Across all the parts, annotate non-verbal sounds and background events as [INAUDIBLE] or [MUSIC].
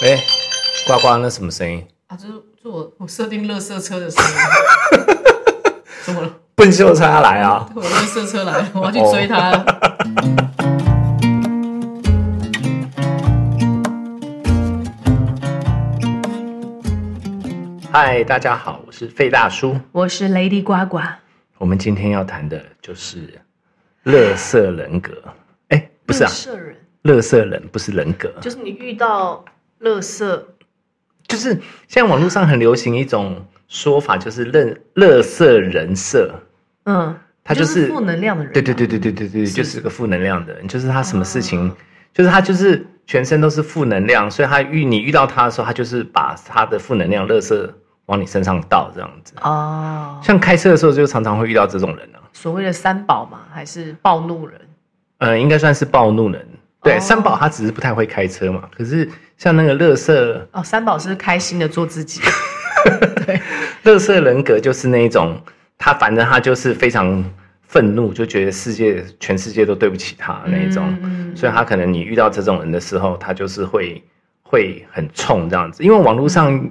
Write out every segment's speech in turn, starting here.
哎、欸，刮刮，那什麼聲音？啊，就是，我我設定垃圾車的聲音。 [LAUGHS] 怎麼了？笨秀車他來啊！ [LAUGHS] 我垃圾車來，我要去追他。嗨、oh. [LAUGHS] 大家好，我是廢大叔，我是 Lady 刮刮。我們今天要談的就是垃圾人格。哎、欸，不是啊，垃圾人，垃圾人不是人格，就是你遇到。樂色，就是現在網絡上很流行一種說法，就是“垃樂色人設”。嗯，他就是負、就是、能量的人、啊。對對對對對對，就是個負能量的，人。就是他什麼事情，哦、就是他就是全身都是負能量，所以他遇你遇到他的時候，他就是把他的負能量樂色往你身上倒，這樣子。哦，像開車的時候就常常會遇到這種人呢、啊。所謂的三寶嘛，還是暴怒人？嗯，應該算是暴怒人。對，哦、三寶他只是不太會開車嘛，可是。像那個垃圾哦，三寶是開心的做自己。 [LAUGHS] 對，垃圾人格就是那一種，他反正他就是非常憤怒，就覺得世界全世界都對不起他那一種、嗯，所以他可能你遇到這種人的時候，他就是會會很衝這樣子。因為網絡上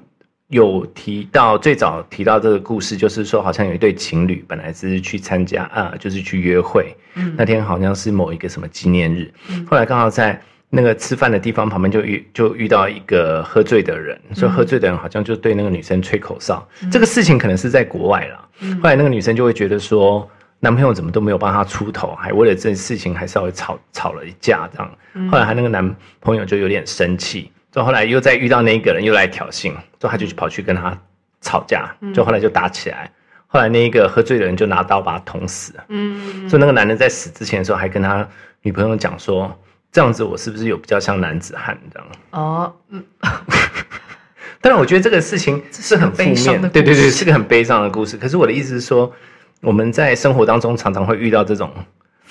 有提到、嗯、最早提到這個故事，就是說好像有一對情侶本來是去參加啊，就是去約會、嗯，那天好像是某一個什麼紀念日，後來剛好在。嗯那個吃飯的地方旁邊就遇就遇到一個喝醉的人、嗯，所以喝醉的人好像就對那個女生吹口哨。嗯、這個事情可能是在國外啦、嗯。後來那個女生就會覺得說，男朋友怎麼都沒有幫她出頭，還為了這件事情還稍微吵吵了一架這樣。後來她那個男朋友就有點生氣，就後來又再遇到那一個人又來挑釁，之後他就跑去跟他吵架，就後來就打起來。後來那一個喝醉的人就拿刀把他捅死。嗯所以那個男人在死之前的時候還跟他女朋友講說。這樣子，我是不是有比較像男子漢這樣？哦，嗯。但是我覺得這個事情是很負面的，對對對，是個很悲傷的故事、故事。可是我的意思是說，我們在生活當中常常會遇到這種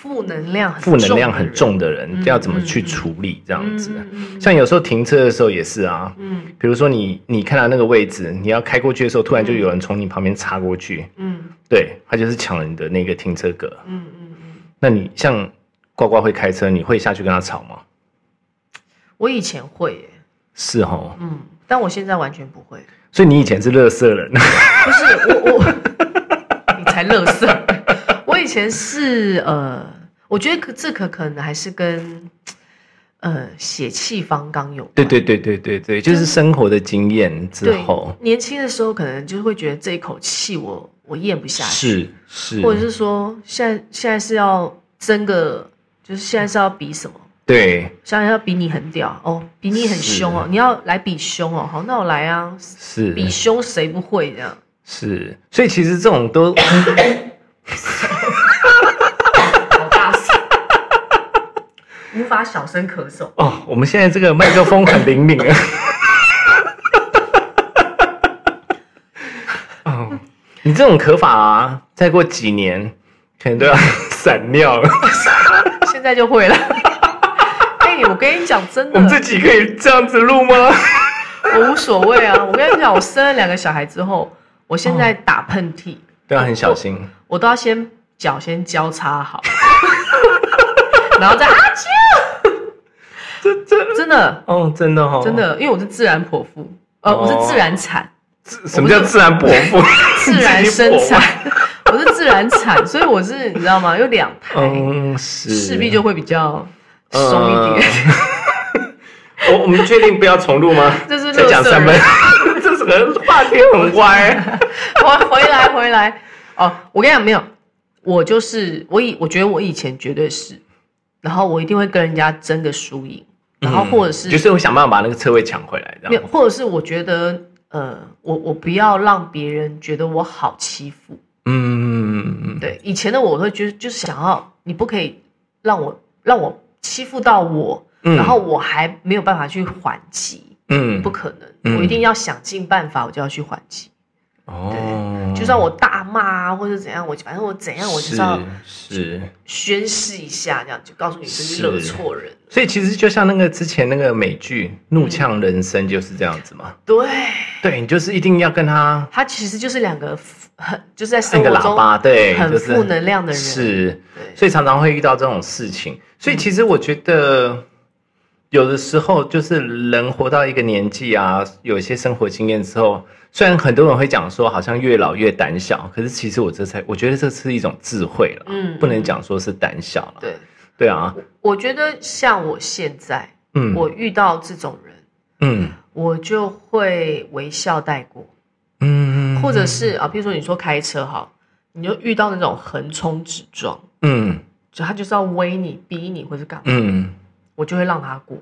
負能量、負能量很重的人、重的人嗯嗯嗯，要怎麼去處理這樣子嗯嗯嗯嗯嗯嗯？像有時候停車的時候也是啊，嗯、嗯，比如說你你看到那個位置，你要開過去的時候，突然就有人從你旁邊插過去，嗯、嗯，對，他就是搶了你的那個停車格，嗯嗯嗯、嗯。那你像。刮刮會開車，你會下去跟他吵嗎？我以前會耶，是哦，嗯，但我現在完全不會。所以你以前是垃圾人，不是我我，我 [LAUGHS] 你才垃圾。 [LAUGHS] 我以前是呃，我覺得可這可可能還是跟呃血氣方剛有關，對對對對對對，就是生活的經驗之後，年輕的時候可能就是會覺得這一口氣我我嚥不下去，是是，或者是說現在現在是要爭個。就是現在是要比什麼？對，現在要比你很屌哦，比你很兇哦，你要來比兇哦，好，那我來啊，是，比兇誰不會這樣？是，所以其實這種都， [COUGHS] [COUGHS] [COUGHS] [COUGHS] [COUGHS] [COUGHS] 哦、好 [COUGHS] 無法小聲咳嗽哦。我們現在這個麥克風很靈敏啊。啊，你這種咳法啊，再過幾年可能都要閃尿了。 [COUGHS] [LAUGHS] 現在就會了，哎、 [LAUGHS] 欸，我跟你講真的，我自己可以這樣子錄嗎？ [LAUGHS] 我無所謂啊，我跟你講，我生了兩個小孩之後，我現在打噴嚏都要、哦啊、很小心，我都要先腳先交叉好， [LAUGHS] 然後再啊，這 [LAUGHS] 真 [LAUGHS] 真的，哦，真的哦，真的，因為我是自然剖腹，呃、哦，我是自然產，什麼叫自然剖腹？ [LAUGHS] 自然生產。 [LAUGHS] 難 [LAUGHS] 產，所以我是你知道嗎？有兩台、um, 是，勢必就會比較鬆一點。Uh, [LAUGHS] 我我們確定不要重錄嗎？這是講三門， [LAUGHS] 這是個話題很歪。 [LAUGHS] [LAUGHS] 回回來回來哦！Oh, 我跟你講，沒有，我就是我以我覺得我以前絕對是，然後我一定會跟人家爭個輸贏，然後或者是、嗯、就是我想辦法把那個車位搶回來，沒有，或者是我覺得呃，我我不要讓別人覺得我好欺負，嗯。嗯，對，以前的我會覺得，就是，就是想要你不可以讓我讓我欺負到我，嗯，然後我還沒有辦法去還擊，嗯，不可能，嗯，我一定要想盡辦法，我就要去還擊。哦、oh,，就算我大罵、啊、或者怎樣，我反正我怎樣，我就是要宣誓一下，這樣就告訴你是惹錯人。所以其實就像那個之前那個美劇《怒嗆人生》就是這樣子嘛。嗯、對，對你就是一定要跟他，他其實就是兩個很就是在生活中，對很負能量的人，對就是,是對，所以常常會遇到這種事情。所以其實我覺得。嗯有的時候就是人活到一個年紀啊，有一些生活經驗之後，雖然很多人會講說好像越老越膽小，可是其實我這才我覺得這是一種智慧了，嗯，不能講說是膽小了，對對啊。我覺得像我現在，嗯，我遇到這種人，嗯，我就會微笑帶過，嗯，或者是啊，譬如說你說開車哈，你就遇到那種橫衝直撞，嗯，就他就是要威你、逼你，或是幹嘛，嗯。我就會讓他過，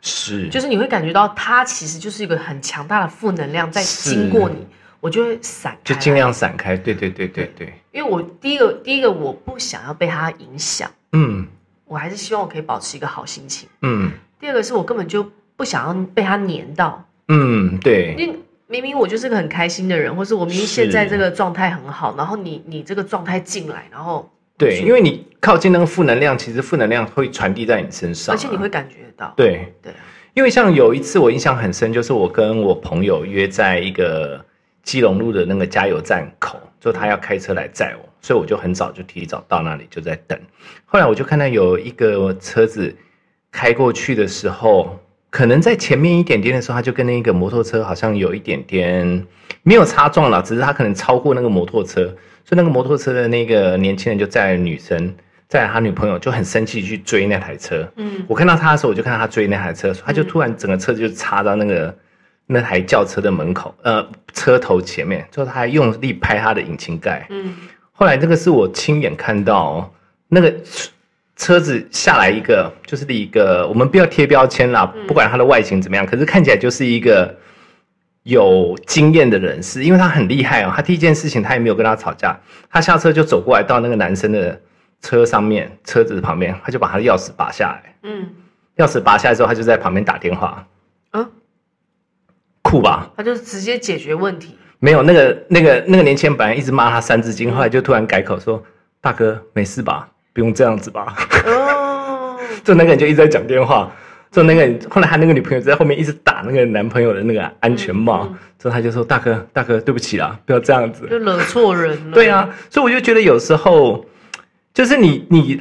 是，就是你會感覺到他其實就是一個很強大的負能量在經過你，我就會散，就儘量散開，對對對對對。因為我第一個，第一個我不想要被他影響，嗯，我還是希望我可以保持一個好心情，嗯。第二個是我根本就不想要被他黏到，嗯，對。因為明明我就是個很開心的人，或是我明明現在這個狀態很好，然後你你這個狀態進來，然後。對，因為你靠近那個負能量，其實負能量會傳遞在你身上啊，而且你會感覺到。對對，因為像有一次我印象很深，就是我跟我朋友約在一個基隆路的那個加油站口，就他要開車來載我，所以我就很早就提早到那裡就在等。後來我就看到有一個車子開過去的時候，可能在前面一點點的時候，他就跟那個摩托車好像有一點點沒有擦撞了，只是他可能超過那個摩托車。所以那個摩托車的那個年輕人就載女生，載他女朋友就很生氣去追那台車。嗯，我看到他的時候，我就看到他追那台車，他就突然整個車就插到那個、嗯、那台轎車的門口，呃，車頭前面，就他用力拍他的引擎蓋。嗯，後來這個是我親眼看到，那個車子下來一個，就是一個，我們不要貼標籤啦，不管它的外形怎麼樣、嗯，可是看起來就是一個。有經驗的人士，因為他很厲害哦。他第一件事情，他也沒有跟他吵架，他下車就走過來，到那個男生的車上面，車子旁邊，他就把他的鑰匙拔下來。嗯，鑰匙拔下來之後，他就在旁邊打電話。嗯，酷吧？他就直接解決問題。沒有那個那個那個年輕人，本來一直罵他三字經，後來就突然改口說：“大哥，沒事吧？不用這樣子吧？” [LAUGHS] 哦，就那個人就一直在講電話。說那個，後來他那個女朋友在後面一直打那個男朋友的那個安全帽，之、嗯、後他就說：“大哥，大哥，對不起啦，不要這樣子。”就惹錯人了。 [LAUGHS] 對啊，所以我就覺得有時候，就是你你，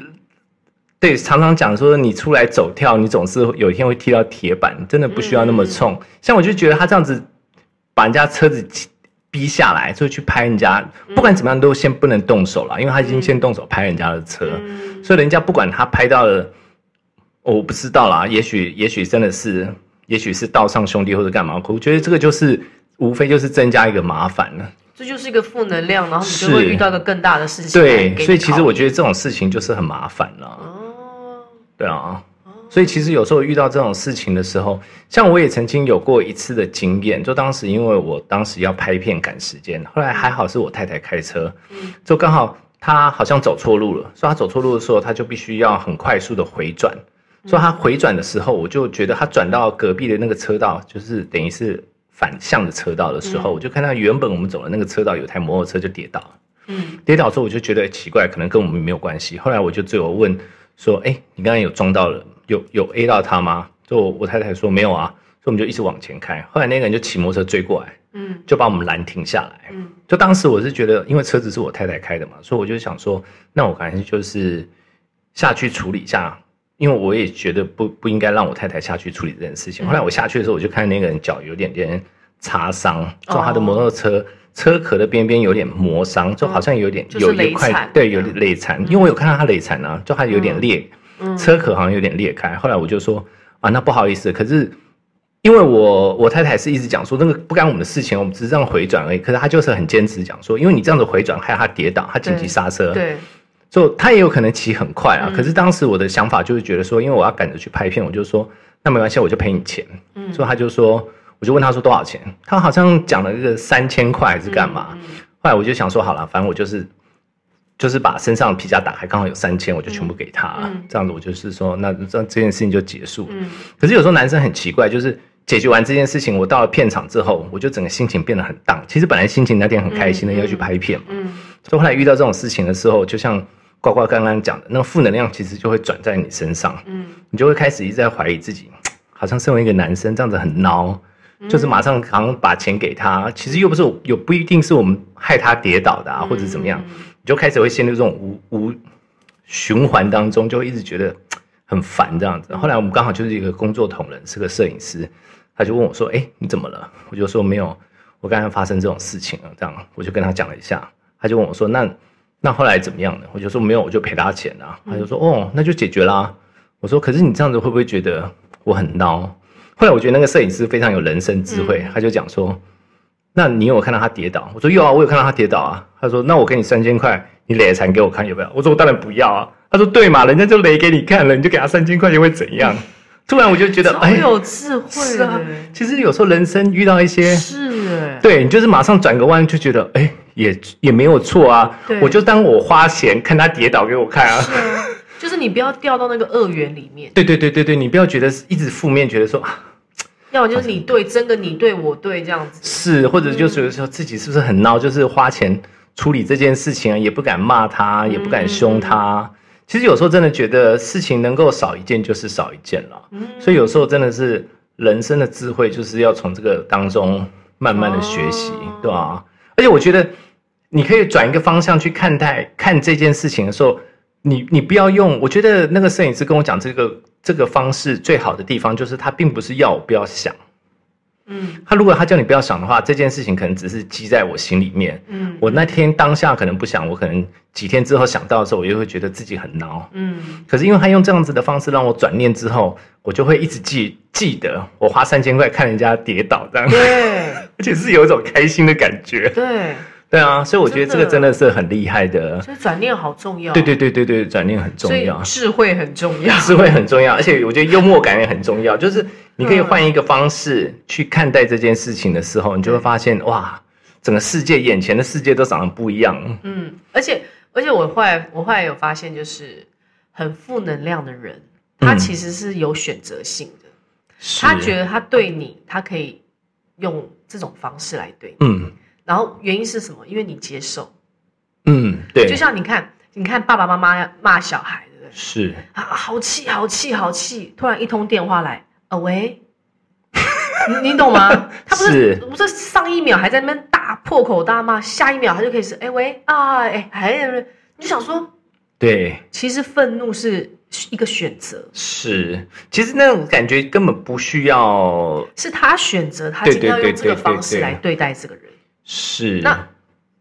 對，常常講說你出來走跳，你總是有一天會踢到鐵板，真的不需要那麼衝、嗯。像我就覺得他這樣子把人家車子逼下來，所以去拍人家，不管怎麼樣都先不能動手了、嗯，因為他已經先動手拍人家的車，嗯、所以人家不管他拍到了。我不知道啦，也許也許真的是，也許是道上兄弟或者幹嘛，我覺得這個就是無非就是增加一個麻煩了。這就是一個負能量，然後你就會遇到一個更大的事情。對，所以其實我覺得這種事情就是很麻煩了。啊。對啊，所以其實有時候遇到這種事情的時候，像我也曾經有過一次的經驗，就當時因為我當時要拍片趕時間，後來還好是我太太開車，就剛好她好像走錯路了，所以她走錯路的時候，她就必須要很快速的回轉。嗯、說他回轉的時候，我就覺得他轉到隔壁的那個車道，就是等於是反向的車道的時候，我就看到原本我們走的那個車道有台摩托車就跌倒。嗯，跌倒之後我就覺得奇怪，可能跟我們沒有關係。後來我就最後問說：“哎、欸，你剛剛有撞到了，有有 A 到他嗎？”就我，我太太說：“沒有啊。”所以我們就一直往前開。後來那個人就騎摩托車追過來，嗯，就把我們攔停下來。嗯，就當時我是覺得，因為車子是我太太開的嘛，所以我就想說，那我可能就是下去處理一下。因為我也覺得不不應該讓我太太下去處理這件事情。後來我下去的時候，我就看那個人腳有點點擦傷，就、嗯、他的摩托車、哦，車殼的邊邊有點磨傷，就好像有點、嗯、有一塊、就是累殘，對，有累殘、嗯。因為我有看到他累殘啊，就還有點裂、嗯，車殼好像有點裂開。後來我就說、嗯、啊，那不好意思，可是因為我我太太是一直講說那個不干我們的事情，我們只是這樣回轉而已。可是他就是很堅持講說，因為你這樣子回轉，害他跌倒，他緊急剎車，對。對就、so, 他也有可能騎很快啊、嗯，可是當時我的想法就是覺得說，因為我要趕着去拍片，我就說那沒關係，我就賠你錢、嗯。所以他就說，我就問他說多少錢，他好像講了個三千塊還是幹嘛，嗯嗯。後來我就想說好了，反正我就是就是把身上的皮夾打開，剛好有三千，我就全部給他、啊嗯。這樣子我就是說，那這件事情就結束、嗯、可是有時候男生很奇怪，就是解決完這件事情，我到了片場之後，我就整個心情變得很蕩。其實本來心情那天很開心的，嗯、要去拍片嘛。嗯嗯嗯。所以後來遇到這種事情的時候，就像刮刮剛剛講的，那個負能量其實就會轉在你身上，嗯，你就會開始一直在懷疑自己，好像身為一個男生這樣子很孬，就是馬上好像把錢給他、嗯，其實又不是，又不一定是我們害他跌倒的、啊嗯、或者怎麼樣，你就開始會陷入這種無無循環當中，就會一直覺得很煩這樣子。後來我們剛好就是一個工作同仁，是個攝影師，他就問我說：“哎、欸，你怎麼了？”我就說：“沒有，我剛剛發生這種事情了。”這樣，我就跟他講了一下。他就問我說：“那，那後來怎麼樣呢？”我就說：“沒有，我就賠他錢啊。”他就說：“哦，那就解決啦、啊。”我說：“可是你這樣子會不會覺得我很孬？”後來我覺得那個攝影師非常有人生智慧、嗯，他就講說：“那你有看到他跌倒？”我說：“有啊，我有看到他跌倒啊。”他說：“那我給你三千塊，你壘殘給我看，有沒有？”我說：“我當然不要啊。”他說：“對嘛，人家就累給你看了，你就給他三千塊錢會怎樣？”突然我就覺得，哎，有智慧、欸，是啊。其實有時候人生遇到一些，是、欸，對，你就是馬上轉個彎，就覺得，哎。也也沒有錯啊，我就當我花錢看他跌倒給我看啊，就是你不要掉到那個惡緣裡面。 [LAUGHS] 對對對對對，你不要覺得一直負面，覺得說要麼就是你對、啊，真的你對我對這樣子。是，或者就是說自己是不是很孬、嗯，就是花錢處理這件事情，也不敢罵他，也不敢兇他。嗯、其實有時候真的覺得事情能夠少一件就是少一件了。嗯、所以有時候真的是人生的智慧，就是要從這個當中慢慢的學習，哦、對吧、啊。而且我覺得你可以轉一個方向去看待，看這件事情的時候，你你不要用。我覺得那個攝影師跟我講這個這個方式最好的地方，就是他並不是要我不要想。嗯，他如果他叫你不要想的話，這件事情可能只是記在我心裡面。嗯，我那天當下可能不想，我可能幾天之後想到的時候，我就會覺得自己很撓。嗯，可是因為他用這樣子的方式讓我轉念之後，我就會一直記記得我花三千塊看人家跌倒這樣。對，而且是有一種開心的感覺。對。對啊，所以我覺得這個真的是很厲害的。所以轉念好重要。對對對對對，轉念很重要，智慧很重要，智慧很重要，而且我覺得幽默感也很重要。就是你可以換一個方式去看待這件事情的時候，嗯、你就會發現哇，整個世界、眼前的世界都長得不一樣。嗯，而且而且我後來我後來有發現，就是很負能量的人，他其實是有選擇性的，他覺得他對你，他可以用這種方式來對你。嗯。然後原因是什麼？因為你接受，嗯，對，就像你看，你看爸爸媽媽罵小孩，對不對？是啊，好氣，好氣，好氣！突然一通電話來，啊喂 [LAUGHS] 你，你懂嗎？他不是，是，不是上一秒還在那邊大破口大罵，下一秒他就可以是，哎喂啊，哎，還、哎、有，你就想說，對，其實憤怒是一個選擇，是，其實那種感覺根本不需要，是他選擇他今天要用這個方式來對待這個人。對對對對對是，那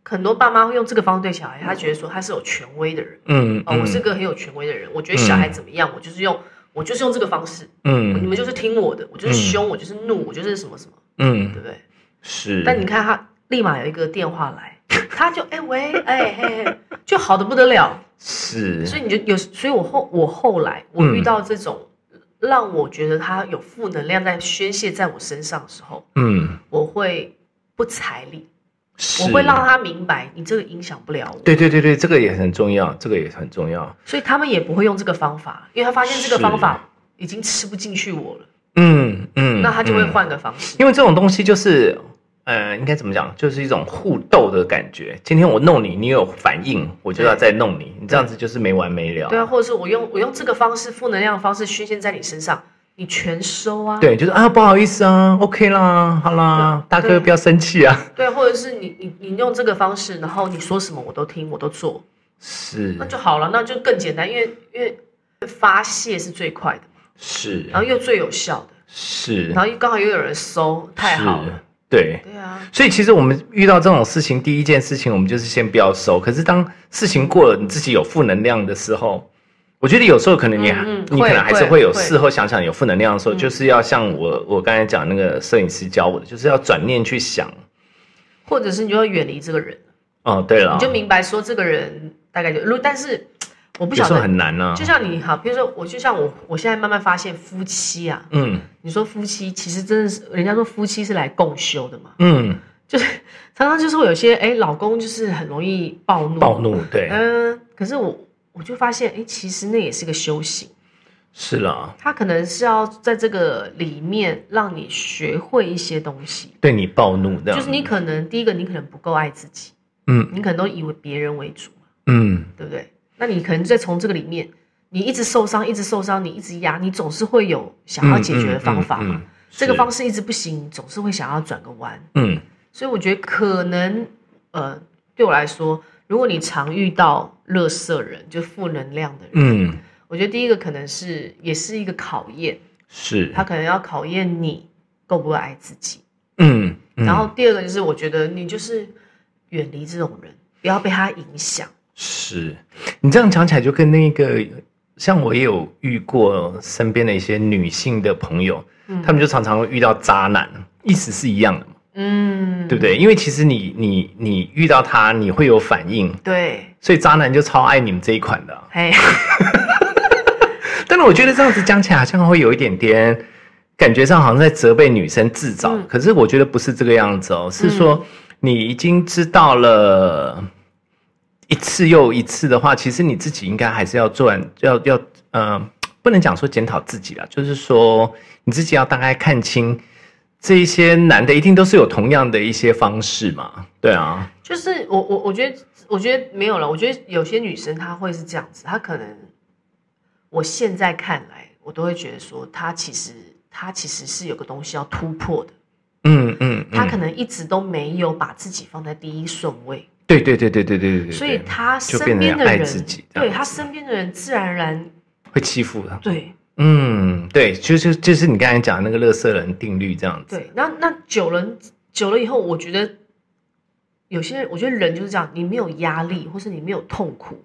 很多爸媽會用這個方式對小孩，嗯，他覺得說他是有權威的人，嗯，嗯，哦，我是個很有權威的人，我覺得小孩怎麼樣，嗯，我就是用我就是用這個方式，嗯，你們就是聽我的，我就是兇，嗯，我就是怒，我就是什麼什麼，嗯，對不對？是。但你看他立馬有一個電話來，他就哎、欸、喂，哎嘿、欸、嘿，就好得不得了，是。所以你就有，所以我後我後來我遇到這種，嗯，讓我覺得他有負能量在宣泄在我身上的時候，嗯，我會不睬你。我會讓他明白，你這個影響不了我。對對對對，這個也很重要，這個也很重要。所以他們也不會用這個方法，因為他發現這個方法已經吃不進去我了。嗯嗯。那他就會換個方式。嗯。因為這種東西就是，呃，應該怎麼講，就是一種互鬥的感覺。今天我弄你，你有反應，我就要再弄你。你這樣子就是沒完沒了。對啊，或者是我用我用這個方式，負能量的方式宣泄在你身上。你全收啊？對，就是啊，不好意思啊，OK 啦，好啦，大哥不要生氣啊。對，對，或者是你你你用這個方式，然後你說什麼我都聽，我都做，是，那就好了，那就更簡單，因為因為發泄是最快的，是，然後又最有效的，是，然後剛好又有人收，太好了。是，對，對啊。所以其實我們遇到這種事情，第一件事情我們就是先不要收。可是當事情過了，你自己有負能量的時候。我覺得有時候可能你還、嗯嗯、你可能還是會有事後想想有負能量的時候，就是要像我我剛才講那個攝影師教我的，嗯，就是要轉念去想，或者是你就要遠離這個人哦，對了，你就明白說這個人大概就，但是我不想說很難呢、啊。就像你好，比如說我，就像我，我現在慢慢發現夫妻啊，嗯，你說夫妻其實真的是，人家說夫妻是來共修的嘛，嗯，就是常常就是會有些哎，老公就是很容易暴怒，暴怒對，嗯、呃，可是我。我就發現，哎、欸，其實那也是個修行。是啦，他可能是要在這個裡面讓你學會一些東西。對你暴怒的，那、嗯、就是你可能第一個，你可能不夠愛自己。嗯，你可能都以為別人為主，嗯，對不對？那你可能在從這個裡面，你一直受傷，一直受傷，你一直壓，你總是會有想要解決的方法嘛。嗯嗯嗯嗯、這個方式一直不行，總是會想要轉個彎。嗯，所以我覺得可能，呃，對我來說。如果你常遇到垃圾人，就負能量的人，嗯，我覺得第一個可能是也是一個考驗，是他可能要考驗你夠不夠愛自己。嗯，嗯，然後第二個就是我覺得你就是遠離這種人，不要被他影響。是，你這樣講起來就跟那個像我也有遇過身邊的一些女性的朋友，他、嗯、們就常常會遇到渣男，意思是一樣的。嗯，對不對？因為其實你你你遇到他，你會有反應，對，所以渣男就超愛你們這一款的。哎， [LAUGHS] 但是我覺得這樣子講起來好像會有一點點感覺上好像在責備女生自找，嗯、可是我覺得不是這個樣子哦，是說你已經知道了，一次又一次的話、嗯，其實你自己應該還是要做，要，要，呃，不能講說檢討自己了，就是說你自己要大概看清。這一些男的一定都是有同樣的一些方式嘛？對啊，就是我我我覺得我覺得沒有了。我覺得有些女生她會是這樣子，她可能我現在看來，我都會覺得說，她其實她其實是有個東西要突破的。嗯嗯，她、嗯、可能一直都沒有把自己放在第一順位。對,對對對對對對對。所以她身邊的人，對她身邊的人自然而然會欺負她。對。嗯，對，就是就是你剛才講的那個垃圾人定律這樣子。對，那那久了久了以後，我覺得有些，我覺得人就是這樣，你沒有壓力，或是你沒有痛苦，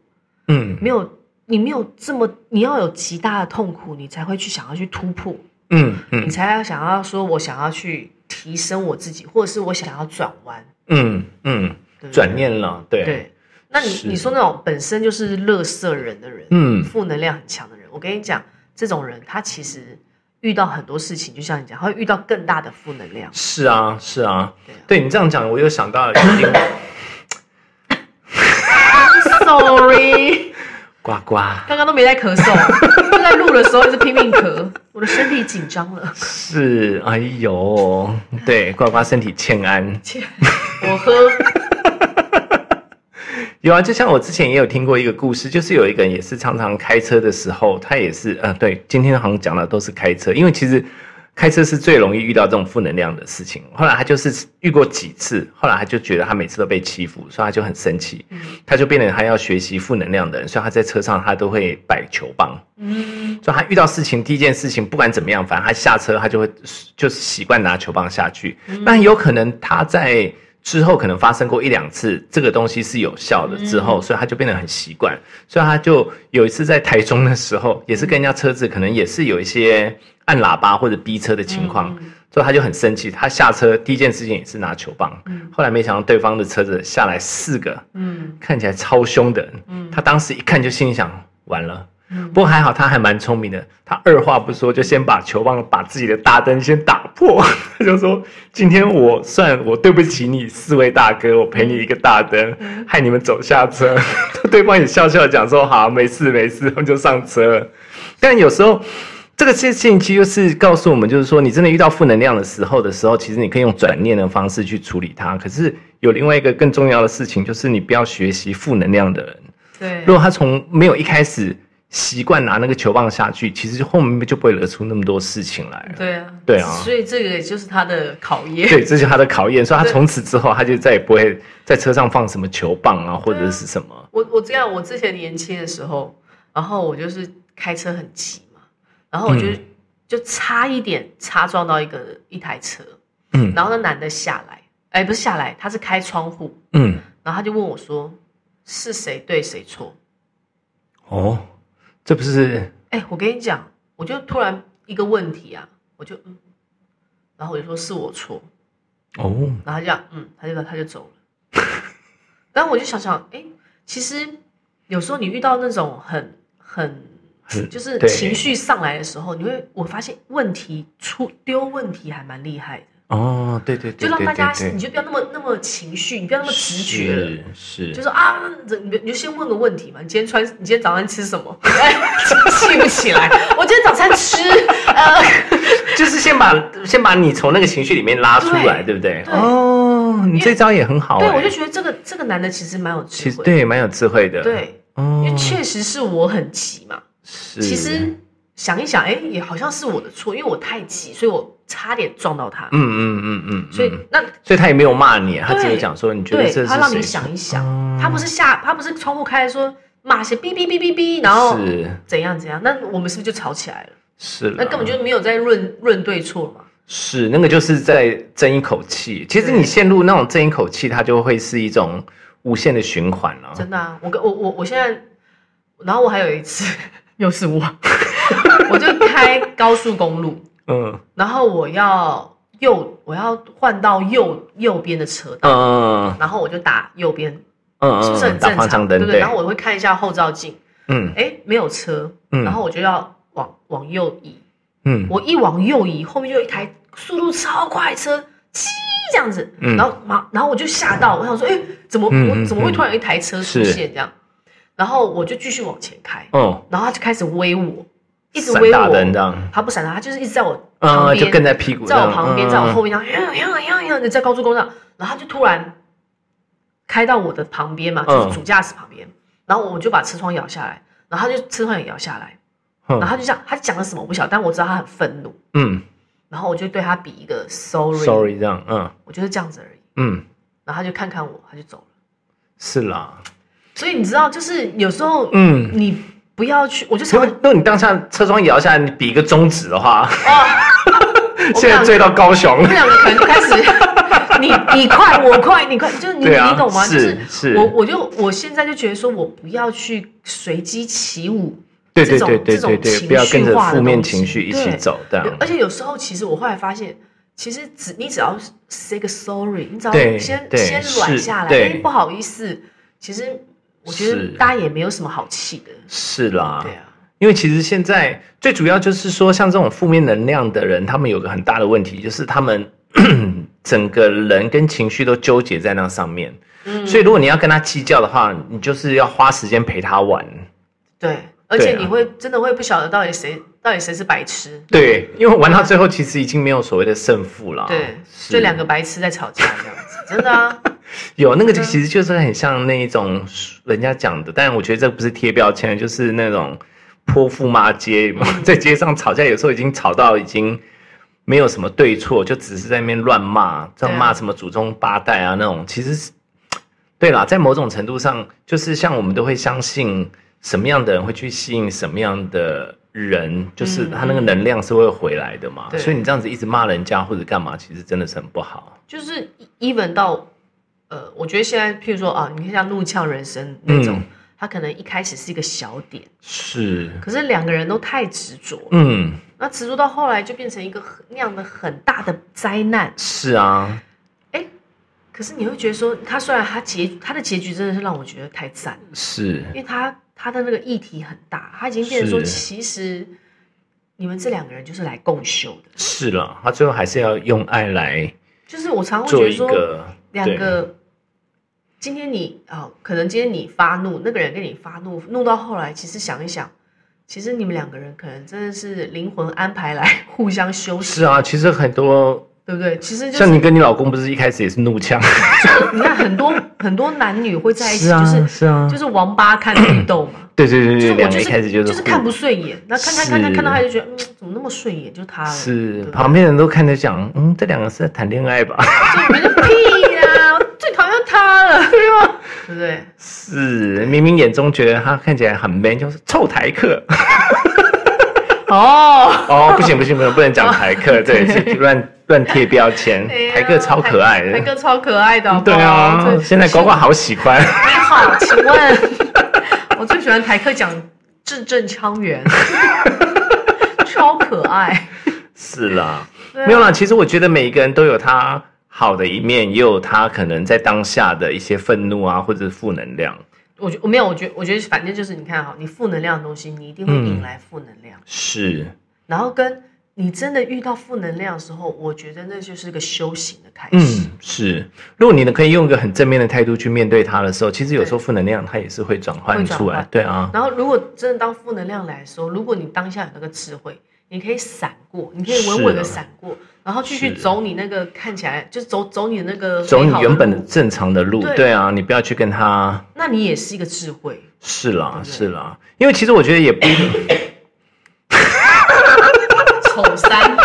嗯，沒有你沒有這麼，你要有極大的痛苦，你才會去想要去突破，嗯嗯，你才要想要說我想要去提升我自己，或者是我想要轉彎，嗯嗯對對，轉念了，對對。那你你說那種本身就是垃圾人的人，嗯，負能量很強的人，我跟你講。這種人，他其實遇到很多事情，就像你講，他會遇到更大的負能量。是啊，是啊。對，啊對，你這樣講，我又想到了一定、 [COUGHS] I'm、，sorry，了刮刮，剛剛都沒在咳嗽，就 [COUGHS] 在錄的時候，一直拼命咳，我的身體緊張了。是，哎呦，對，刮刮身體欠安。我喝。有啊，就像我之前也有聽過一個故事，就是有一個人也是常常開車的時候，他也是，嗯、呃，對，今天好像講的都是開車，因為其實開車是最容易遇到這種負能量的事情。後來他就是遇過幾次，後來他就覺得他每次都被欺負，所以他就很生氣、嗯，他就變成他要學習負能量的人。所以他在車上他都會擺球棒，嗯，所以他遇到事情第一件事情不管怎麼樣，反正他下車他就會就習慣拿球棒下去。但、嗯、有可能他在。之後可能發生過一兩次，這個東西是有效的。之後，所以他就變得很習慣。所以他就有一次在台中的時候，也是跟人家車子，可能也是有一些按喇叭或者逼車的情況嗯嗯，所以他就很生氣。他下車第一件事情也是拿球棒。嗯、後來沒想到對方的車子下來四個，嗯、看起來超凶的。他當時一看就心想：完了。不過還好，他還蠻聰明的。他二話不說，就先把球棒把自己的大燈先打破。他就說：“今天我算我對不起你四位大哥，我賠你一個大燈，害你們走下車。 [LAUGHS] ”對方也笑笑講說：“好，沒事沒事，我們就上車。”但有時候，這個信信息就是告訴我們，就是說你真的遇到負能量的時候的時候，其實你可以用轉念的方式去處理它。可是有另外一個更重要的事情，就是你不要學習負能量的人。對，如果他從沒有一開始。習慣拿那個球棒下去，其實就後面就不會惹出那麼多事情來了。對啊，對啊，所以這個就是他的考驗。對，這是他的考驗，所以他從此之後，他就再也不會在車上放什麼球棒啊，啊或者是什麼。我我這樣，我之前年輕的時候，然後我就是開車很急嘛，然後我就、嗯、就差一點擦撞到一個一台車，嗯，然後那男的下來，哎、欸，不是下來，他是開窗戶，嗯，然後他就問我說：“是誰對誰錯？”哦。這不是哎、欸，我跟你講，我就突然一個問題啊，我就，嗯，然後我就說是我錯，哦、oh.，然後這樣，嗯，他就他他就走了，然後我就想想，哎、欸，其實有時候你遇到那種很很，很就是情緒上來的時候，你會我發現問題出丟問題還蠻厲害的。哦，對對對，就讓大家，對對對對你就不要那麼那麼情緒，你不要那麼直覺。是，就是啊，你你就先問個問題嘛，你今天穿，你今天早餐吃什麼？哎，記 [LAUGHS] 不起來， [LAUGHS] 我今天早餐吃， [LAUGHS] 呃，就是先把 [LAUGHS] 先把你從那個情緒裡面拉出來，對，對不對？對哦，你這招也很好、欸，對，我就覺得這個這個男的其實蠻有智慧，其實對，蠻有智慧的，對、哦，因為確實是我很急嘛，是，其實想一想，哎，也好像是我的錯，因為我太急，所以我。差點撞到他。嗯，嗯嗯嗯嗯，所以那所以他也沒有罵你，他只是講說你覺得這是，是他讓你想一想，嗯、他不是下他不是窗戶開來說罵些嗶嗶嗶嗶嗶，然後怎樣怎樣，那我們是不是就吵起來了？是了、啊，那根本就沒有在論論對錯嘛。是，那個就是在爭一口氣。其實你陷入那種爭一口氣，它就會是一種無限的循環了、啊。真的、啊，我跟我我我現在，然後我還有一次，又是我， [LAUGHS] [LAUGHS] 我就開高速公路。嗯，然後我要右，我要換到右右邊的車道。嗯，然後我就打右邊，嗯，是不是很正常？對不對？對。然後我會看一下後照鏡。嗯。哎，沒有車。嗯。然後我就要往往右移。嗯。我一往右移，後面就有一台速度超快的車，嘰這樣子。嗯。然後馬、嗯，然後我就嚇到、嗯，我想說，哎，怎麼我怎麼會突然有一台車出現、嗯、這樣？然後我就繼續往前開。哦。然後他就開始威我。一直微我，他不閃，他就是一直在我旁邊、uh,，在我旁邊，uh. 在我後面這樣，然後在高速公路上，然後他就突然開到我的旁邊嘛，uh. 就是主駕駛旁邊，然後我就把車窗搖下來，然後他就車窗也搖下來，然後他就這樣，他、huh. 講了什麼我不曉得，但我知道他很憤怒，嗯，然後我就對他比一個 sorry sorry 這樣，嗯，我就是這樣子而已，嗯，然後他就看看我，他就走了，是啦，所以你知道，就是有時候，嗯，你。不要去，我就想，那，那你當下車窗搖下來，你比一個中指的話。哦、uh,。現在追到高雄了，我們兩個可能就開始，你你快，我快，你快， [LAUGHS] 就是你、啊、你懂嗎？是就是我我就我現在就覺得說，我不要去隨機起舞，這對種對對對對對對這種情緒化不要跟著負面情緒一起走。而且有時候，其實我後來發現，其實只你只要 say 個 sorry，你只要先先軟下來，不好意思，其實。我覺得大家也沒有什麼好氣的是。是啦，對啊，因為其實現在最主要就是說，像這種負面能量的人，他們有個很大的問題，就是他們 [COUGHS] 整個人跟情緒都糾結在那上面，嗯。所以如果你要跟他計較的話，你就是要花時間陪他玩。對，而且、啊、你會真的會不曉得到底誰到底誰是白痴。對，因為玩到最後，其實已經沒有所謂的勝負了。對，就兩個白痴在吵架這樣子，真的啊。 [LAUGHS] 有那個其實就是很像那一種人家講的，但是我覺得這不是貼標籤，就是那種潑婦罵街有沒有，在街上吵架，有時候已經吵到已經沒有什麼對錯，就只是在那邊亂罵，這樣罵什麼祖宗八代啊那種，其實對啦，在某種程度上就是像我們都會相信什麼樣的人會去吸引什麼樣的人，就是他那個能量是會回來的嘛，嗯，所以你這樣子一直罵人家或者幹嘛，其實真的是很不好。就是一聞到。呃，我覺得現在，譬如說啊，你看像《怒嗆人生》那種，他、嗯、可能一開始是一個小點，是，可是兩個人都太執着，嗯，那執着到後來就變成一個那樣的很大的災難。是啊，哎、欸，可是你會覺得說，他雖然他結他的結局真的是讓我覺得太讚了，是，因為他他的那個議題很大，他已經變成說，其實你們這兩個人就是來共修的，是了，他最後還是要用愛來做一個，就是我常常會覺得說，兩個。今天你啊、哦，可能今天你發怒，那個人跟你發怒，怒到後來，其實想一想，其實你們兩個人可能真的是靈魂安排來互相修飾。是啊，其實很多，對不對？其實、就是、像你跟你老公，不是一開始也是怒嗆。就是、你看很多 [LAUGHS] 很多男女會在一起，是啊、就是，是、啊、就是王八看綠豆嘛。 [COUGHS] 對對對對，就是我就是，開始就，是就是看不順眼，那看看看看看到他就覺得嗯怎麼那麼順眼就是、他了。是對對，旁邊人都看着講，嗯，這兩個是在談戀愛吧？就你們個屁！ [LAUGHS] 對，嗎，對不對？是明明眼中覺得他看起來很 man，就是臭台客。哦 [LAUGHS] 哦、oh. oh,，不行不行不不能講台客，oh. 對，對，亂亂貼標籤、 [LAUGHS] 啊。台客超可愛的台，台客超可愛的。對啊，啊現在刮刮好喜歡。 [LAUGHS] 你好，請問，我最喜歡台客講字正腔圓， [LAUGHS] 超可愛。是啦、啊，沒有啦，其實我覺得每一個人都有他。好的一面，也有他可能在當下的一些憤怒啊，或者是負能量。我覺我沒有，我覺得我覺得反正就是你看哈，你負能量的東西，你一定會迎來負能量。嗯，是。然後跟你真的遇到負能量的時候，我覺得那就是一個修行的開始。嗯，是。如果你能可以用一個很正面的態度去面對它的時候，其實有時候負能量它也是會轉換出來。對。對啊。然後如果真的當負能量來的時候，如果你當下有那個智慧，你可以閃過，你可以穩穩的閃過。然後繼續走你那個看起來是，就是走走你的那個的走你原本的正常的路對。啊，對啊，你不要去跟他。那你也是一個智慧。是啦，對對是啦，因為其實我覺得也不。 [LAUGHS] [LAUGHS] 醜三。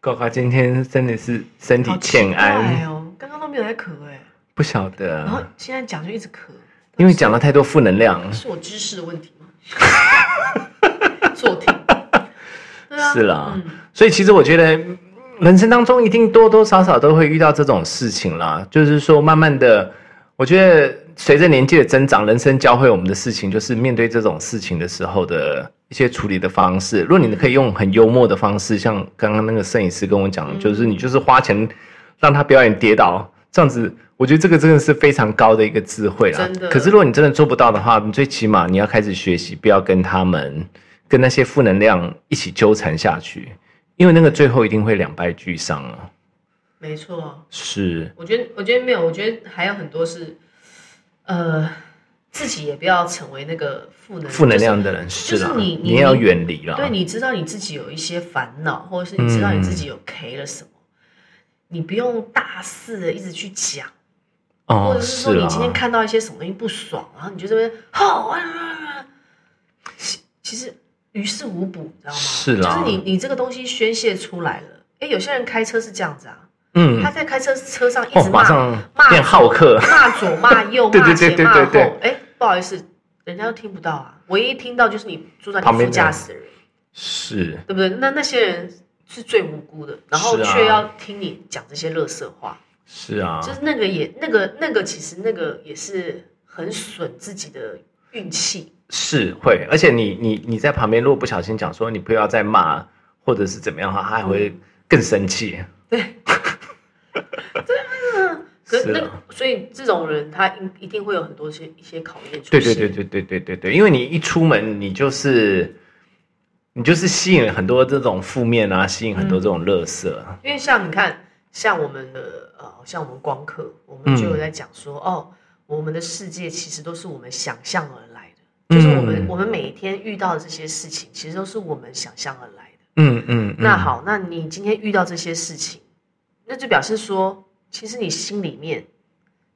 哥哥，今天真的是身體欠安哦，剛剛都沒有在咳哎，不曉得。然後現在講就一直咳，因為講了太多負能量。是我知識的問題嗎？所以 [LAUGHS] 我聽。是啦，嗯，所以其實我覺得人生當中一定多多少少都會遇到這種事情啦。就是說，慢慢的，我覺得隨着年紀的增長，人生教會我們的事情，就是面對這種事情的時候的一些處理的方式。如果你可以用很幽默的方式，像剛剛那個攝影師跟我講，嗯，就是你就是花錢讓他表演跌倒，這樣子，我覺得這個真的是非常高的一個智慧啦。可是，如果你真的做不到的話，你最起碼你要開始學習，不要跟他們。跟那些負能量一起糾纏下去，因為那個最後一定會兩敗俱傷啊。沒錯，是。我覺得，我覺得沒有，我覺得還有很多是，呃，自己也不要成為那個負能負能量的人，就是,是、啊就是、你,你，你要遠離了。對，你知道你自己有一些煩惱，或者是你知道你自己有 K 了什麼、嗯，你不用大肆的一直去講、哦，或者是說你今天看到一些什麼東西不爽，啊、然後你就這邊好啊，其實。於事無補，你知道嗎？是啊，就是你你這個東西宣泄出來了。哎，有些人開車是這樣子啊，嗯，他在開車車上一直罵罵、哦、變好客，罵左 [LAUGHS] 罵右，罵前罵後。哎，不好意思，人家都聽不到啊。唯一聽到就是你坐在你副駕駛的人，的是對不對？那那些人是最無辜的，然後卻要聽你講這些垃圾話。是啊，就是那個也那個那個其實那個也是很損自己的運氣。是會，而且你你你在旁邊，如果不小心講說你不要再罵，或者是怎麼樣的話，他還會更生氣。嗯、對，對 [LAUGHS] 啊，所以這種人他一一定會有很多些一些考驗出。對對對對對對對對，因為你一出門，你就是你就是吸引很多這種負面啊，吸引很多這種垃圾、嗯。因為像你看，像我們的呃、哦，像我們刮刮，我們就有在講說、嗯，哦，我們的世界其實都是我們想象的。就是我們我們每一天遇到的這些事情，其實都是我們想象而來的。嗯嗯，嗯。那好，那你今天遇到這些事情，那就表示說，其實你心裡面，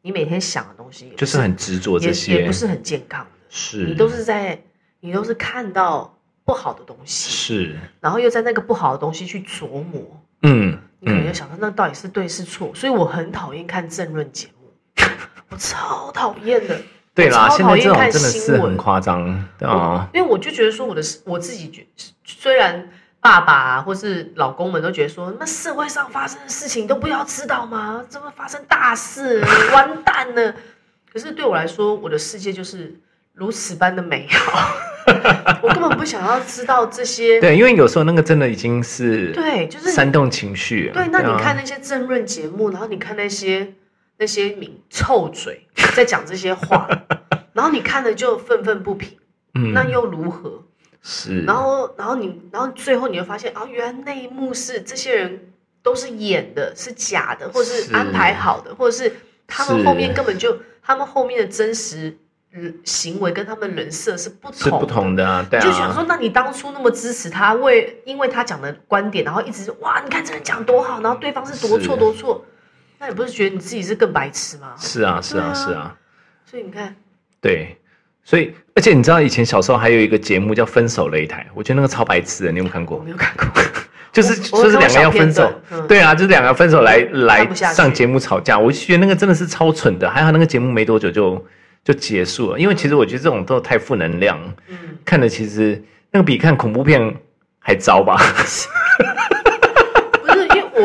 你每天想的東西，就是很執着這些也，也不是很健康的。是。你都是在，你都是看到不好的東西，是。然後又在那個不好的東西去琢磨，嗯，嗯，你可能要想到那到底是對是錯。所以我很討厭看政論節目， [LAUGHS] 我超討厭的。對啦，超討厭看新聞，現在這種真的是很誇張啊！因為我就覺得說，我的我自己覺，雖然爸爸、啊、或是老公們都覺得說，那社會上發生的事情都不要知道嗎？怎麼發生大事，完蛋了？ [LAUGHS] 可是對我來說，我的世界就是如此般的美好， [LAUGHS] 我根本不想要知道這些。對，因為有時候那個真的已經是對，就是煽動情緒、啊。對，那你看那些政論節目，然後你看那些。那些名臭嘴在講這些話， [LAUGHS] 然後你看了就憤憤不平，嗯，那又如何？是，然後，然後你，然後最後你就發現，啊，原來那一幕是這些人都是演的，是假的，或者是安排好的，或者是他們後面根本就他們後面的真實，行為跟他們人設是不同是不同的啊，對啊，就想說，那你當初那麼支持他，為因為他講的觀點，然後一直說哇，你看這人講多好，然後對方是多錯多錯。那你不是覺得你自己是更白痴嗎？是啊，是啊，啊，是啊。所以你看，對，所以而且你知道以前小時候還有一個節目叫《分手擂台》，我覺得那個超白痴的，你有沒有看過？沒有看過， [LAUGHS] 就是就是兩個要分手，嗯，對啊，就是兩個分手來來上節目吵架，我覺得那個真的是超蠢的。還好那個節目沒多久就就結束了，因為其實我覺得這種都太負能量，嗯，嗯，看的其實那個比看恐怖片還糟吧。 [LAUGHS]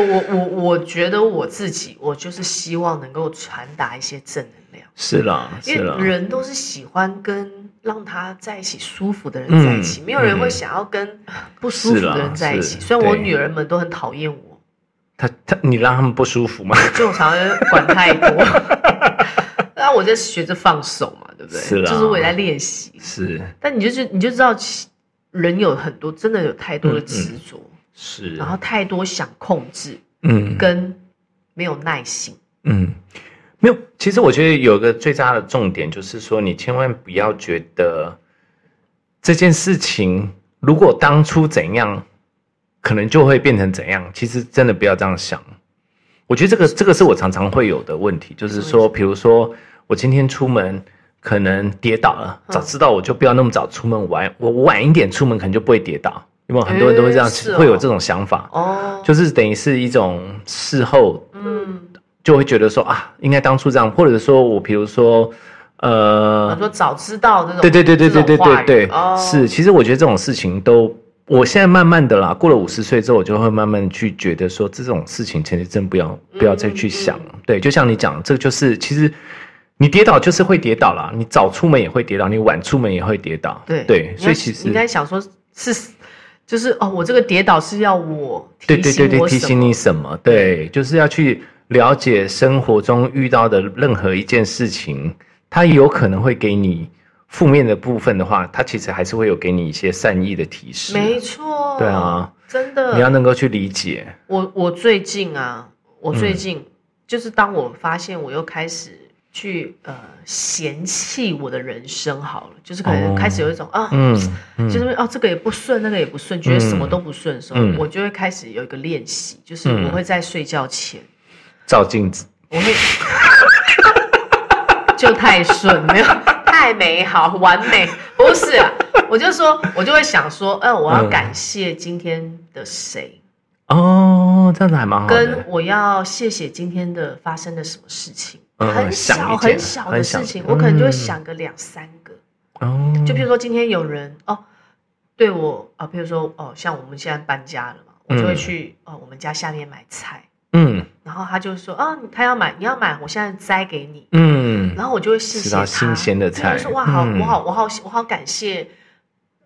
我我我覺得我自己，我就是希望能夠傳達一些正能量是。是啦，因為人都是喜歡跟讓他在一起舒服的人在一起，嗯，沒有人會想要跟不舒服的人在一起。雖然我女兒們都很討厭我，她她你讓他們不舒服嗎？就常常管太多，那 [LAUGHS] 我在學着放手嘛，對不對？是啦，就是我也在練習。是，但你就就你就知道，人有很多真的有太多的執着。嗯嗯是，然後太多想控制，嗯，跟沒有耐心，嗯，沒有。其實我覺得有一個最大的重點就是說，你千萬不要覺得這件事情，如果當初怎樣，可能就會變成怎樣。其實真的不要這樣想。我覺得這個這個是我常常會有的問題，問題就是說，比如說我今天出門可能跌倒了，嗯，早知道我就不要那麼早出門玩，我晚一點出門可能就不會跌倒。因為很多人都會這樣，欸哦、會有這種想法，哦、就是等於是一種事後，嗯，就會覺得說、嗯、啊，應該當初這樣，或者說我，比如說，呃，說早知道這種，對對對對對對對，對，對，對、哦、是。其實我覺得這種事情都，我現在慢慢的啦，嗯、過了五十歲之後，我就會慢慢去覺得說這種事情其實真的不要不要再去想。嗯嗯、對，就像你講，這個就是其實你跌倒就是會跌倒了，你早出門也會跌倒，你晚出門也會跌倒。對對，所以其實你應該想說是。就是哦，我這個跌倒是要我提醒我對，對，對，對，提醒你什麼？對，就是要去了解生活中遇到的任何一件事情，它有可能會給你負面的部分的話，它其實還是會有給你一些善意的提示。沒錯，對啊，真的。你要能夠去理解。我我最近啊，我最近、嗯、就是當我發現我又開始。去呃，嫌棄我的人生好了，就是可能我開始有一種、哦、啊、嗯嗯，就是哦，這個也不順，那個也不順、嗯，覺得什麼都不順的時候、嗯，我就會開始有一個練習，就是我會在睡覺前照鏡子，我會 [LAUGHS] [LAUGHS] 就太順了，太美好完美，不是、啊，我就說，我就會想說，嗯、呃，我要感謝今天的誰、嗯、哦。這樣子跟我要謝謝今天的發生的什麼事情，呃、很小很小的事情，我可能就會想個兩三個。哦、嗯，就比如說今天有人哦對我啊，比如說哦，像我們現在搬家了嘛，嗯、我就會去哦我們家下面買菜。嗯，然後他就說啊、哦，他要買，你要買，我現在摘給你。嗯，然後我就會謝謝他。新鮮的菜，就是哇，好，嗯、好，我好，我好，我好感謝、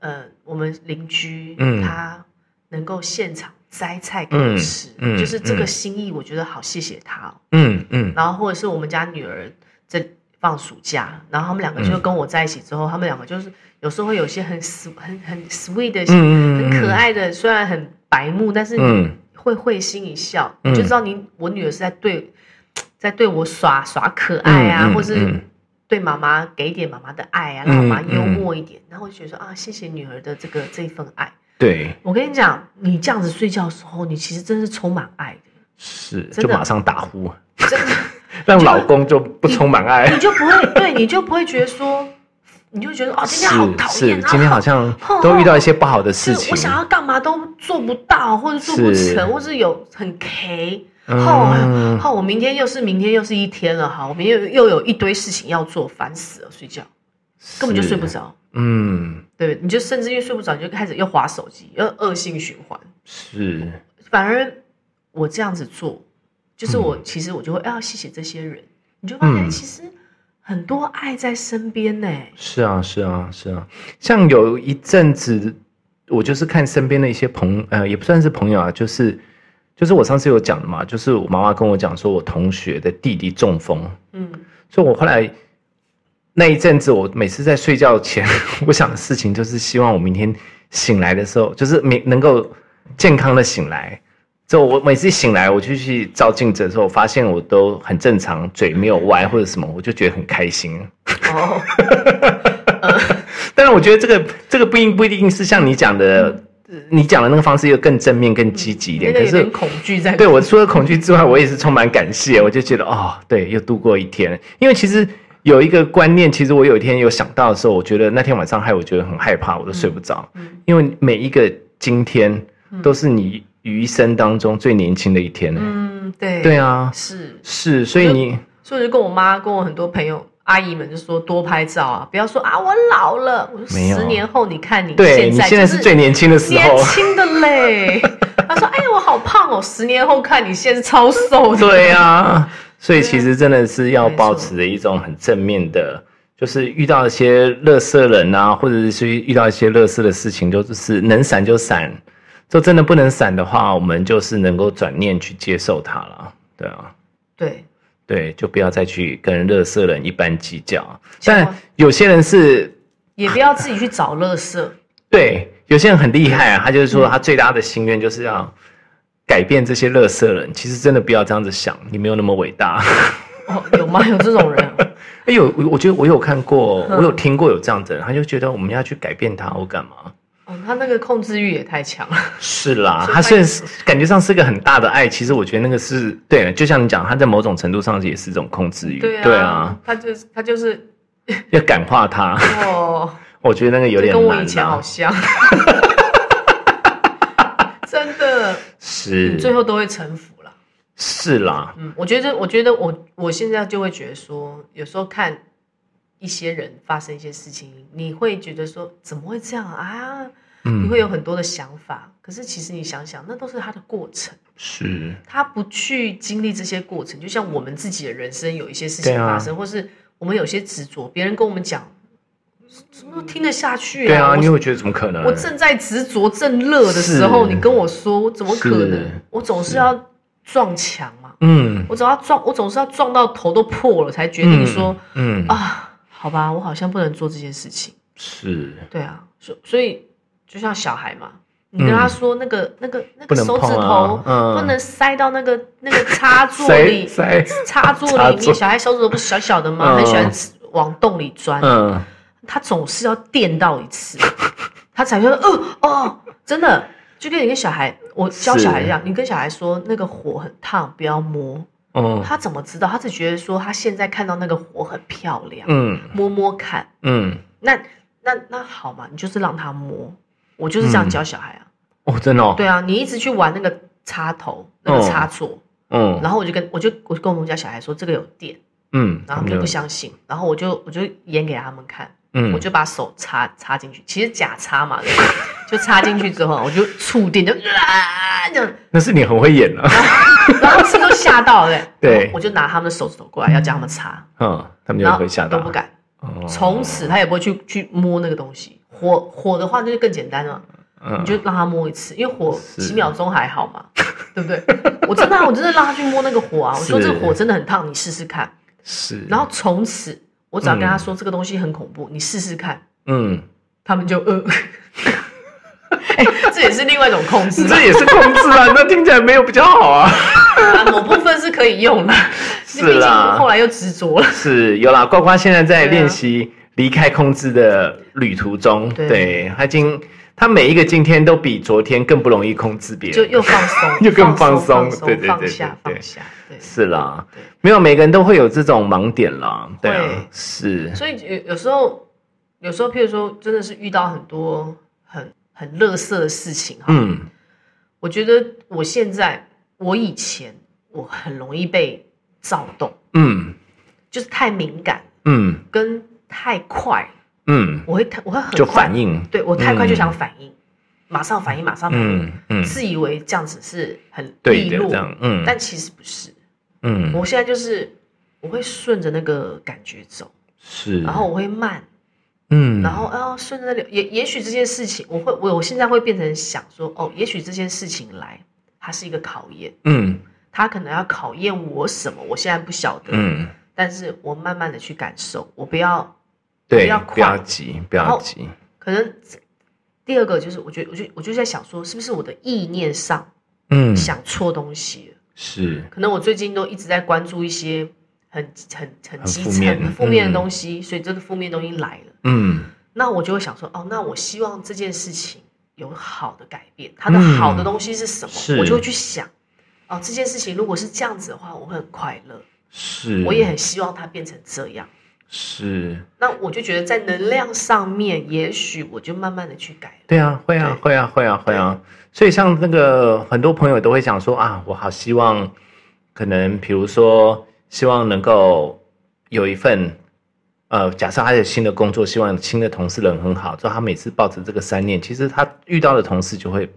呃、我們鄰居、嗯，他能夠現場摘菜給我吃，就是這個心意，我覺得好謝謝他、喔。嗯嗯，然後或者是我們家女兒在放暑假，然後他們兩個就跟我在一起之後，嗯、他們兩個就是有時候會有些很 s, 很很 sweet、很可愛的，雖然很白目，但是你會、嗯、會心一笑，嗯、就知道你，我女兒是在對在對我耍耍可愛啊，嗯嗯、或是對媽媽給點媽媽的愛啊，讓媽媽幽默一點，嗯嗯、然後我就覺得說啊，謝謝女兒的這個這一份愛。對，我跟你講，你這樣子睡覺的時候，你其實真是充滿愛的，是，就馬上打呼，真的 [LAUGHS] 讓老公就不充滿愛你你，你就不會對，你就不會覺得說，你就覺得哦、啊，今天好討厭，今天好像都遇到一些不好的事情，啊、我想要幹嘛都做不到，或者做不成，是或是有很 k 好，好、嗯，我明天又是明天又是一天了哈，我們又又有一堆事情要做，煩死了，睡覺根本就睡不着。嗯，對，對，你就甚至於睡不着，你就開始又滑手機，又惡性循環。是，反而我這樣子做，就是我其實我就會要謝謝這些人、嗯，你就發現其實很多愛在身邊呢、欸。是啊，是啊，是啊。像有一陣子，我就是看身邊的一些朋友，呃，也不算是朋友啊，就是就是我上次有講的嘛，就是我媽媽跟我講說，我同學的弟弟中風。嗯，所以我後來。那一陣子，我每次在睡覺前，我想的事情就是希望我明天醒來的時候，就是能能夠健康的醒來。就我每次一醒來，我就去照鏡子的時候，發現我都很正常，嘴沒有歪或者什麼，我就覺得很開心。哦，呃、 [LAUGHS] 但是我覺得這個這個不一不一定是像你講的，嗯嗯、你講的那個方式又更正面、更積極一點。有點可是恐懼在。對，我除了恐懼之外，我也是充滿感謝、嗯。我就覺得哦，對，又度過一天，因為其實。有一個觀念，其實我有一天有想到的時候，我覺得那天晚上害我覺得很害怕，我都睡不着、嗯嗯。因為每一個今天都是你餘生當中最年輕的一天、欸。嗯，對，對啊，是是，所以你，所以就跟我媽、跟我很多朋友、阿姨們就說多拍照啊，不要說啊我老了，我說十年後你看你現在，對，你現在是最年輕的時候，年輕的嘞。他 [LAUGHS] 說：“哎呀，我好胖哦，十年後看你現在是超瘦的。 [LAUGHS] ”對啊。所以其實真的是要保持一種很正面的，就是遇到一些垃圾人啊，或者是遇到一些垃圾的事情，就是能閃就閃。就真的不能閃的話，我們就是能夠轉念去接受它了，對啊，對對，就不要再去跟垃圾人一般計較。但有些人是，也不要自己去找垃圾，啊。對，有些人很厲害啊，他就是說他最大的心願就是要。改變這些垃圾人，其實真的不要這樣子想，你沒有那麼偉大。 [LAUGHS] 哦，有嗎？有這種人、啊？哎、欸，有，我我覺得我有看過，我有聽過有這樣子的人，他就覺得我們要去改變他，我幹嘛、哦？他那個控制欲也太強了。是啦他，他雖然感覺上是一個很大的愛，其實我覺得那個是對，就像你講，他在某種程度上也是種控制欲。對啊，對啊，他就是他就是 [LAUGHS] 要感化他。哦， [LAUGHS] 我覺得那個有點難跟我以前好像。 [LAUGHS] 嗯、最後都會臣服啦，是啦。嗯，我覺得，我覺得我，我我現在就會覺得說，有時候看一些人發生一些事情，你會覺得說，怎麼會這樣啊？嗯、你會有很多的想法。可是其實你想想，那都是他的過程。是，他不去經歷這些過程，就像我們自己的人生，有一些事情發生，啊、或是我們有些執着，別人跟我們講。什麼都聽得下去、啊？對啊，你又會覺得怎麼可能？我正在執着、正熱的時候，你跟我說怎麼可能？我總是要撞牆嘛。嗯，我總要撞，我總是要撞到頭都破了才決定說，嗯，嗯啊，好吧，我好像不能做這件事情。是，對啊，所所以就像小孩嘛，你跟他說、嗯、那個那個那個手指頭不能塞到那個、啊嗯、那個插座裡， [LAUGHS] 插座裡面，小孩手指頭不是小小的嗎？嗯、很喜歡往洞裡鑽。嗯他總是要電到一次， [LAUGHS] 他才會說：“哦、呃、哦，真的。”就跟一個小孩，我教小孩一樣，你跟小孩說那個火很燙，不要摸。哦，他怎麼知道？他只覺得說他現在看到那個火很漂亮。嗯、摸摸看。嗯，那那那好嘛，你就是讓他摸。我就是這樣教小孩啊。嗯、哦，真的、哦。對啊，你一直去玩那個插頭、那個插座。嗯、哦。然後我就跟我就我就跟我們家小孩說：“這個有電。”嗯。嗯。然後他就不相信。然後我就我就演給他們看。嗯、我就把手插插進去，其實假插嘛，就插進去之後，我就觸電，就啊，那是你很會演了、啊，然後他們都嚇到了，對，我就拿他們的手指頭過來、嗯、要叫他們插，嗯、哦，他們就會嚇到，都不敢。從、哦、此他也不會去去摸那個東西。火火的話那就更簡單了、嗯，你就讓他摸一次，因為火幾秒鐘還好嘛，對不對？我真的、啊、我真的讓他去摸那個火啊，我說這個火真的很燙，你試試看。是，然後從此。我只要跟他說這個東西很恐怖，嗯、你試試看，嗯，他們就呃， [LAUGHS] 欸、 [LAUGHS] 這也是另外一種控制，這也是控制啊，那 [LAUGHS] 聽起來沒有比較好啊， [LAUGHS] 啊，某部分是可以用的，是啦，畢竟後來又執着了，是有啦，刮刮現在在練習離開控制的旅途中，對，對他已經。他每一個今天都比昨天更不容易控制別人，就又放鬆，又 [LAUGHS] 更放鬆，對對對，放下放下，對，是啦，沒有每個人都會有這種盲點啦，對、啊、是，所以有有時候，有時候，譬如說，真的是遇到很多很很垃圾的事情哈，嗯，我覺得我現在，我以前，我很容易被躁動，嗯，就是太敏感，嗯，跟太快。嗯嗯，我會太我會很快，反應，對我太快就想反應，嗯、馬上反應，馬上反應嗯嗯，嗯，自以為這樣子是很利落嗯，但其實不是嗯，我現在就是我會順着那個感覺走是，然後我會慢嗯，然後哦、啊、順着流、那個、也也許這件事情我會我我現在會變成想說哦，也許這件事情來它是一個考驗嗯，他可能要考驗我什麼我現在不曉得嗯，但是我慢慢的去感受，我不要。對，不要急，不要急。可能第二個就是我覺得，我就我就，我就在想說，是不是我的意念上，嗯，想錯東西了？是。可能我最近都一直在關注一些很、很、很基層、負面，面的東西，嗯，所以這個負面東西來了。嗯。那我就會想說，哦，那我希望這件事情有好的改變。它的好的東西是什麼？嗯，我就會去想。哦，這件事情如果是這樣子的話，我會很快樂。是。我也很希望它變成這樣。是，那我就覺得在能量上面，也許我就慢慢的去改。對啊，對會啊對，會啊，會啊，會啊，會啊。所以像那個很多朋友都會講說啊，我好希望，嗯、可能比如說希望能夠有一份，呃，假設還有新的工作，希望新的同事人很好，所以他每次抱着這個三念，其實他遇到的同事就會、嗯、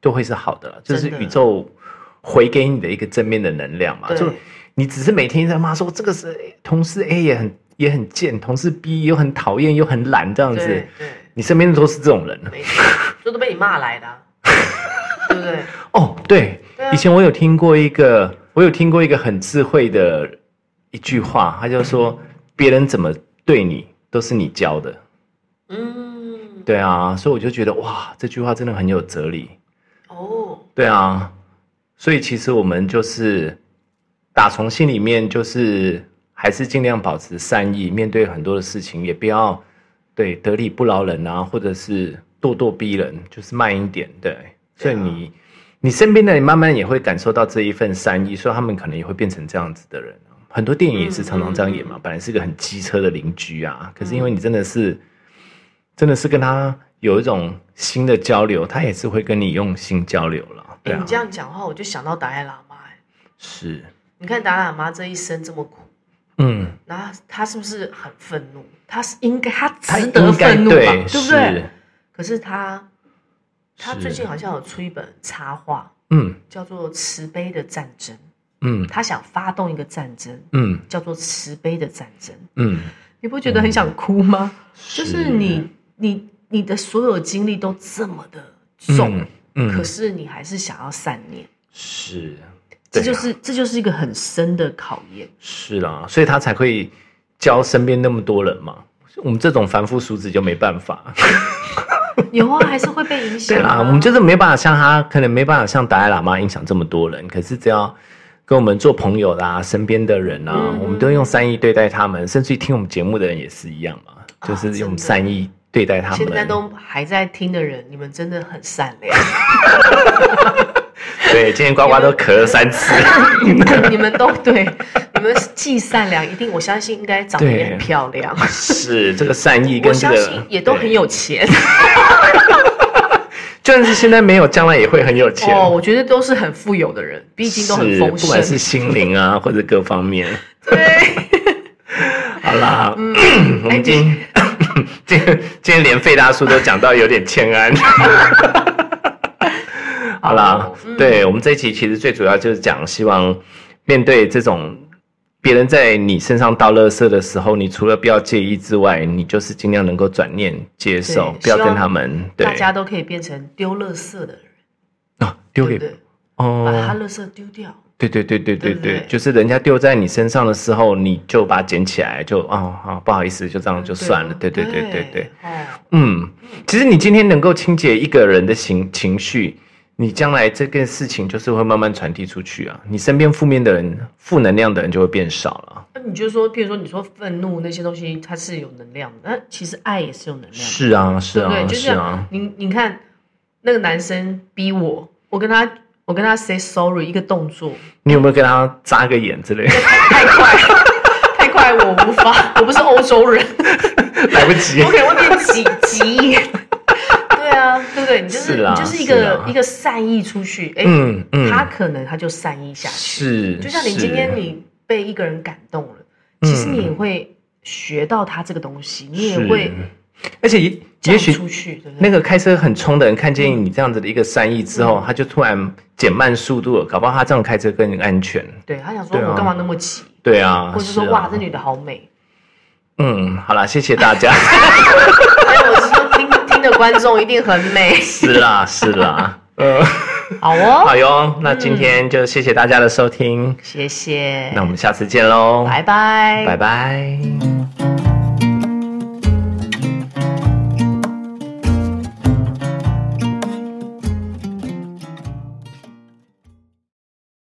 就會是好的，了的，就是宇宙回給你的一個正面的能量嘛。就你只是每天在罵說這個是同事 A 也很。也很賤，同事逼又很討厭，又很懶這樣子，你身邊的都是這種人。沒錯，這都被你罵來的，啊， [LAUGHS] 對不對，對？哦，對，對、啊。以前我有聽過一個，我有聽過一個很智慧的一句話，他就說：嗯、別人怎麼對你，都是你教的。嗯，對啊，所以我就覺得哇，這句話真的很有哲理。哦，對啊，所以其實我們就是打從心裡面就是。還是盡量保持善意，面對很多的事情也不要對得理不饒人啊，或者是咄咄逼人，就是慢一點。對，所以你、啊、你身邊的人慢慢也會感受到這一份善意，所以他們可能也會變成這樣子的人。很多電影也是常常這樣演嘛，嗯嗯、本來是一個很機車的鄰居啊，可是因為你真的是、嗯、真的是跟他有一種新的交流，他也是會跟你用心交流了、啊欸。你這樣講的話，我就想到達賴喇嘛、欸。哎，是，你看達賴喇嘛這一生這麼苦。嗯，那他是不是很憤怒？他是應該，他值得憤怒吧，不對，對不對？可是他，他最近好像有出一本插畫，嗯，叫做《慈悲的戰爭》，嗯，他想發動一個戰爭，嗯，叫做《慈悲的戰爭》，嗯，你不覺得很想哭嗎？嗯，就是你，你，你的所有經歷都這麼的重，嗯，嗯，可是你還是想要善念，是。這就是、啊、這就是一個很深的考驗。是啦、啊。所以他才會教身邊那麼多人嘛。我們這種凡夫俗子就沒辦法。 [LAUGHS] 有啊，還是會被影響、啊對啊。我們就是沒辦法像他，可能沒辦法像達賴喇嘛影響這麼多人。可是只要跟我們做朋友啦、啊，身邊的人啊、嗯，我們都用善意對待他們，甚至聽我們節目的人也是一樣嘛，就是用善意對待他們。啊、現在都還在聽的人，你們真的很善良。 [LAUGHS] 對，今天刮刮都咳了三次。你們、 [LAUGHS] 你們都對，你們既善良，一定我相信應該長得也很漂亮。是，這個善意跟、這個、相信也都很有錢。就算 [LAUGHS] 是現在沒有，將來也會很有錢。哦，我覺得都是很富有的人，畢竟都很豐富。不管是心靈啊， [LAUGHS] 或者各方面。對。好啦，嗯、我們今天、欸、就是、今天今天連廢大叔都講到有點欠安。 [LAUGHS] 好啦，嗯，對，我們這一期其實最主要就是講，希望面對這種別人在你身上倒垃圾的時候，你除了不要介意之外，你就是儘量能夠轉念接受，不要跟他們。大家都可以變成丟垃圾的人啊，丟給對對哦，把他垃圾丟掉。對對對對對對，對，對，就是人家丟在你身上的時候，你就把它撿起來，就哦，好，哦，不好意思，就這樣就算了。對對對對對，對，對嗯，嗯，其實你今天能夠清潔一個人的情情緒。你將來這件事情就是會慢慢傳遞出去啊！你身邊負面的人、負能量的人就會變少了。那你就說，譬如說，你說憤怒那些東西，它是有能量的，那其實愛也是有能量的。是啊，是啊，對不對，就是、是啊，你你看那個男生逼我，我跟他，我跟他 say sorry，一個動作。你有沒有跟他眨個眼之類的太？太快，太快我，我無法，我不是歐洲人，來不及。OK，我念急。急對不對？你就是，是你就是一個是一個善意出去，哎、欸嗯嗯，他可能他就善意下去。是，就像你今天你被一個人感動了，其實你也會學到他這個東西，你也會。而且也許出去，那個開車很衝的人看見你這樣子的一個善意之後，嗯，他就突然減慢速度了，搞不好他這樣開車更安全。對，他想說，我幹嘛那麼急？對啊，或是說是、啊、哇，這女的好美。嗯，好了，謝謝大家。 [LAUGHS] 觀眾一定很美 [LAUGHS] 是，是啦是啦，嗯、 [LAUGHS] 呃，好哦，好喲，那今天就謝謝大家的收聽，嗯、謝謝，那我們下次見嘍，拜拜，拜拜。嗯